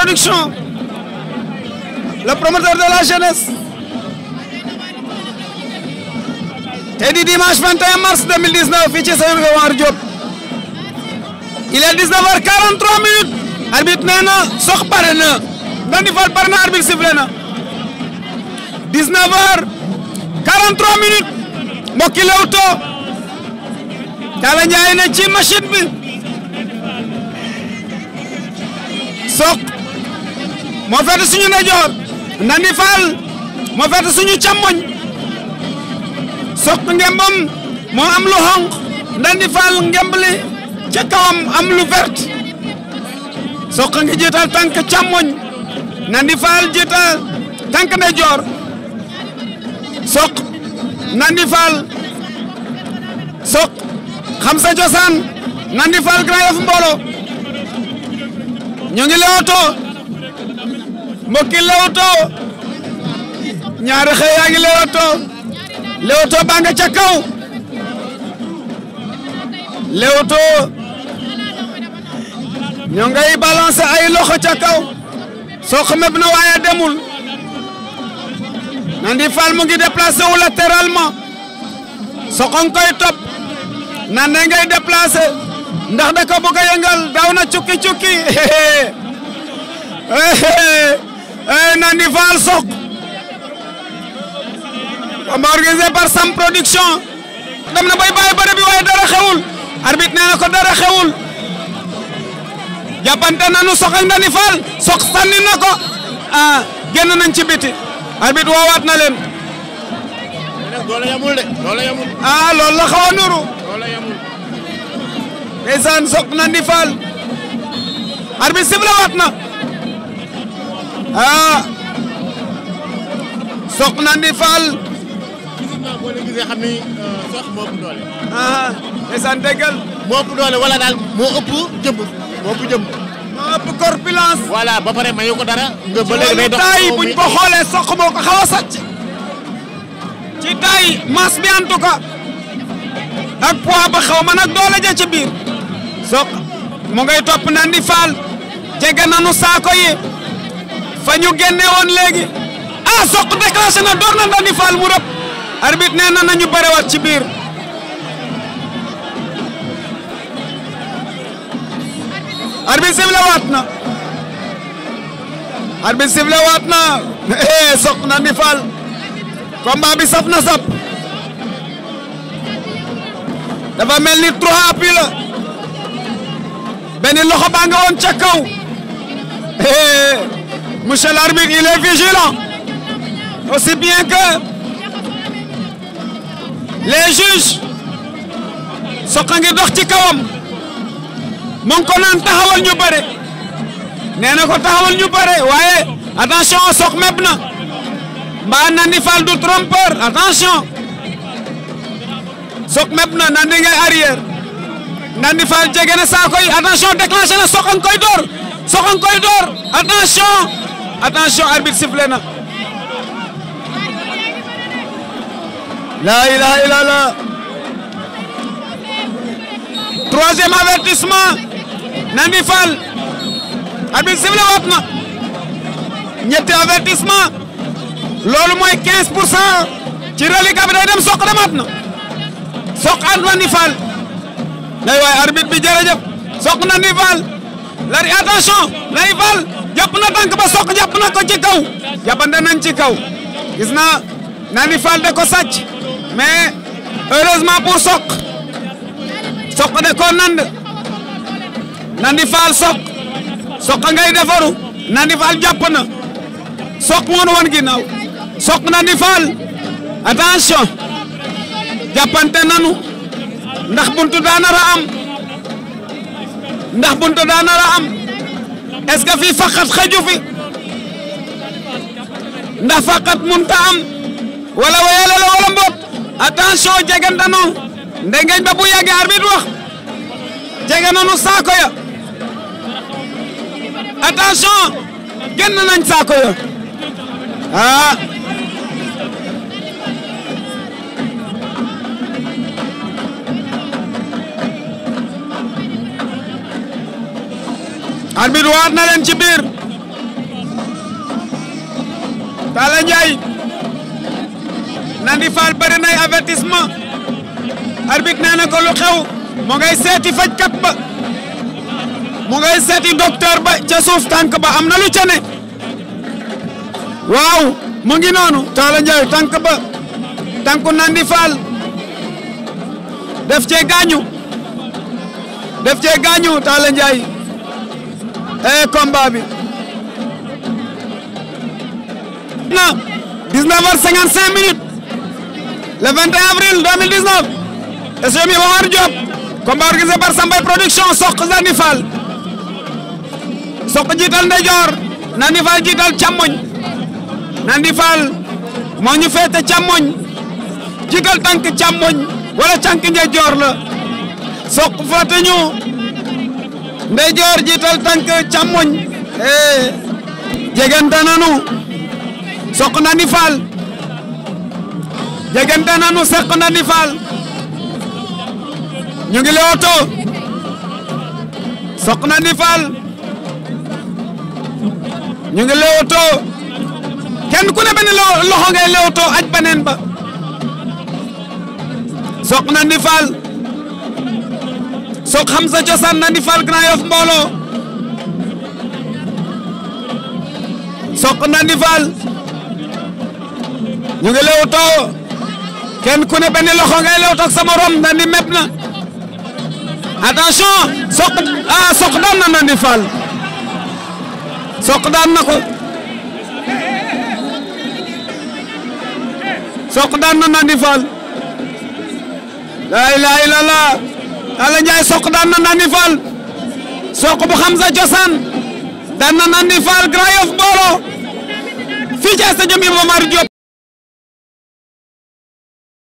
production le promoteur de la jeunesse tey di dimanche 21 mars 2019 fii ci Sen Omar Diop il est 19 h minutes arbitre nee na sox pare na Ndandy Fall pare na arbitre sifflé minutes mbokki Leewtoo Talla Ndiaye machine bi moo féete suñu ndeyjoor Ndandi Fall moo féete suñu càmmoñ soq ngembam moo am lu xonq Ndandi Fall ngemb li am lu vert soq nga jiital tànk càmmoñ Ndandi Fall jiital tànk ndeyjoor soq Ndandi Fall soq xam sa Ndandi Fall Grand Yoff ñu ngi leewtoo mbokki Leewtoo ñaari xëy yaa ngi Leewtoo Leewtoo baa nga ca kaw Leewtoo ñoo ngay balancer ay loxo ca kaw Sokh meb na waaye demul Nandi Fall mu ngi déplacé wu latéralement Sokh nga koy topp Nandi ndax da ko a yëngal daw na cukki cukki eh Nandi Fall Sokh combat organisé par Sam Production dem na bay bàyyi bëre bi waaye dara xewul arbitre nee ko dara xewul jàppante nañu Sokh ak Nandi Fall Sokh sànni ko ah génn nañ ci biti arbitre woowaat na leen loolu yamul de loolu yamul ah Nandi Fall arbitre siflawaat na Soxna Ndi Fall. boo ah, leen gisee xam ni sox déggal. moo ëpp doole wala daal moo ëpp jëmb. moo ëpp jëmb. moo ëpp corpulence. voilà ba pare mayu ko dara. nga ba léegi day dox taay buñ ko xoolee sox moo ko xaw a ci taay masse bi en ak poids ba xaw ma nag doole ja ci biir. sox mu ngay topp Nandi Fall. jege nanu saako yi. fa génne woon léegi. ah Sokh déclenché na door na Ndandi Fall mu rëb arbitre nee na nañu wat ci biir arbitre sifle waat na arbitre sifle waat na eh Sokh Ndandi Fall combat bi saf na sap dafa mel ni trois appuis la benn loxo baa nga woon ca kaw eh monsieur l'arbitre il est aussi bien que les juges Sokh ngi dox ci kawam mu ko naan taxawal ñu bare nee na ko taxawal ñu bare waaye attention Sokh meb na mbaa Nandi Fall du trompeur attention soq meb na Nandi ngay arrière Nandi Fall jege na saako yi attention déclenché na Sokh a ngi koy door Sokh a ngi koy door attention attention arbitre sifflé na. laa ilaaha illallah troisième avertissement Nandi Fall arbitre sifflé waat na ñetti avertissement loolu mooy 15 pour ci reliquat bi day dem soq demaat na soq ak Nandi Fall day waay arbitre bi jërëjëf soq na Fall lari attention Nandi Fall jàpp na tànk ba soq jàpp na ko ci kaw jàppante nañ ci kaw gis na na Fall da ko sac mais heureusement pour Sokh Sokh de ko nand Nandi Fall Sokh Sokh ngay defaru Nandi Fall jàpp na Sokh moo nu woon ginnaaw Sokh Nandi Fall attention jàppante nanu ndax buntu daa nar a am ndax buntu daa nar a am est-ce faqat xaju ndax faqat munta am wala wayale la wala mbot attention jege nanu ndengeñ ba bu yàggee arbitre wax jege nanu saako ya attention génn nañ saako ya ah arbitre waat na leen ci biir Talla Ndiaye Nandi Fall bëri nay avertissement arbitre nee na ko lu xew mu ngay seeti fajkat ba mu ngay seeti docteur ba ca suuf tànk ba am na lu cane ne waaw mu ngi noonu Talla Ndiaye tànk ba tànku Nandi Fall def cee gaañu def cee gaañu Talla Ndiaye eh combat bi na 19 heures 55 minutes le 21 avril 2019 SMI Omar Diop combat organisé par Sambay production Sokh Nandi Fall Sokh jiital ndeyjoor Nandi Fall jiital càmmoñ Nandi Fall moo ñu féete càmmoñ jiital tànk càmmoñ wala cànk ndeyjoor la Sokh fàtte ñu ndeyjoor jiital tànk càmmoñ eh jegante nanu Sokh Nandi jegante nanu seq na di ñu ngi lewoto soq na di faal ñu ngi lewoto kenn ku ne benn loxo ngay lewoto aj beneen ba soq na di soq xam sa cosaan na di faal Grand Yoff mbooloo soq na di ñu ngi lewoto kenn ku ne benn loxo ngay lew tak sama rom Nandi mépp na attention soq ah soq daan na Nandi Fall soq daan na ko soq daan na Nandi Fall laa ilaaha illallaah Alla Njaay bu xam sa cosaan daan na Nandi Fall fii ci stade Iba Mar Diop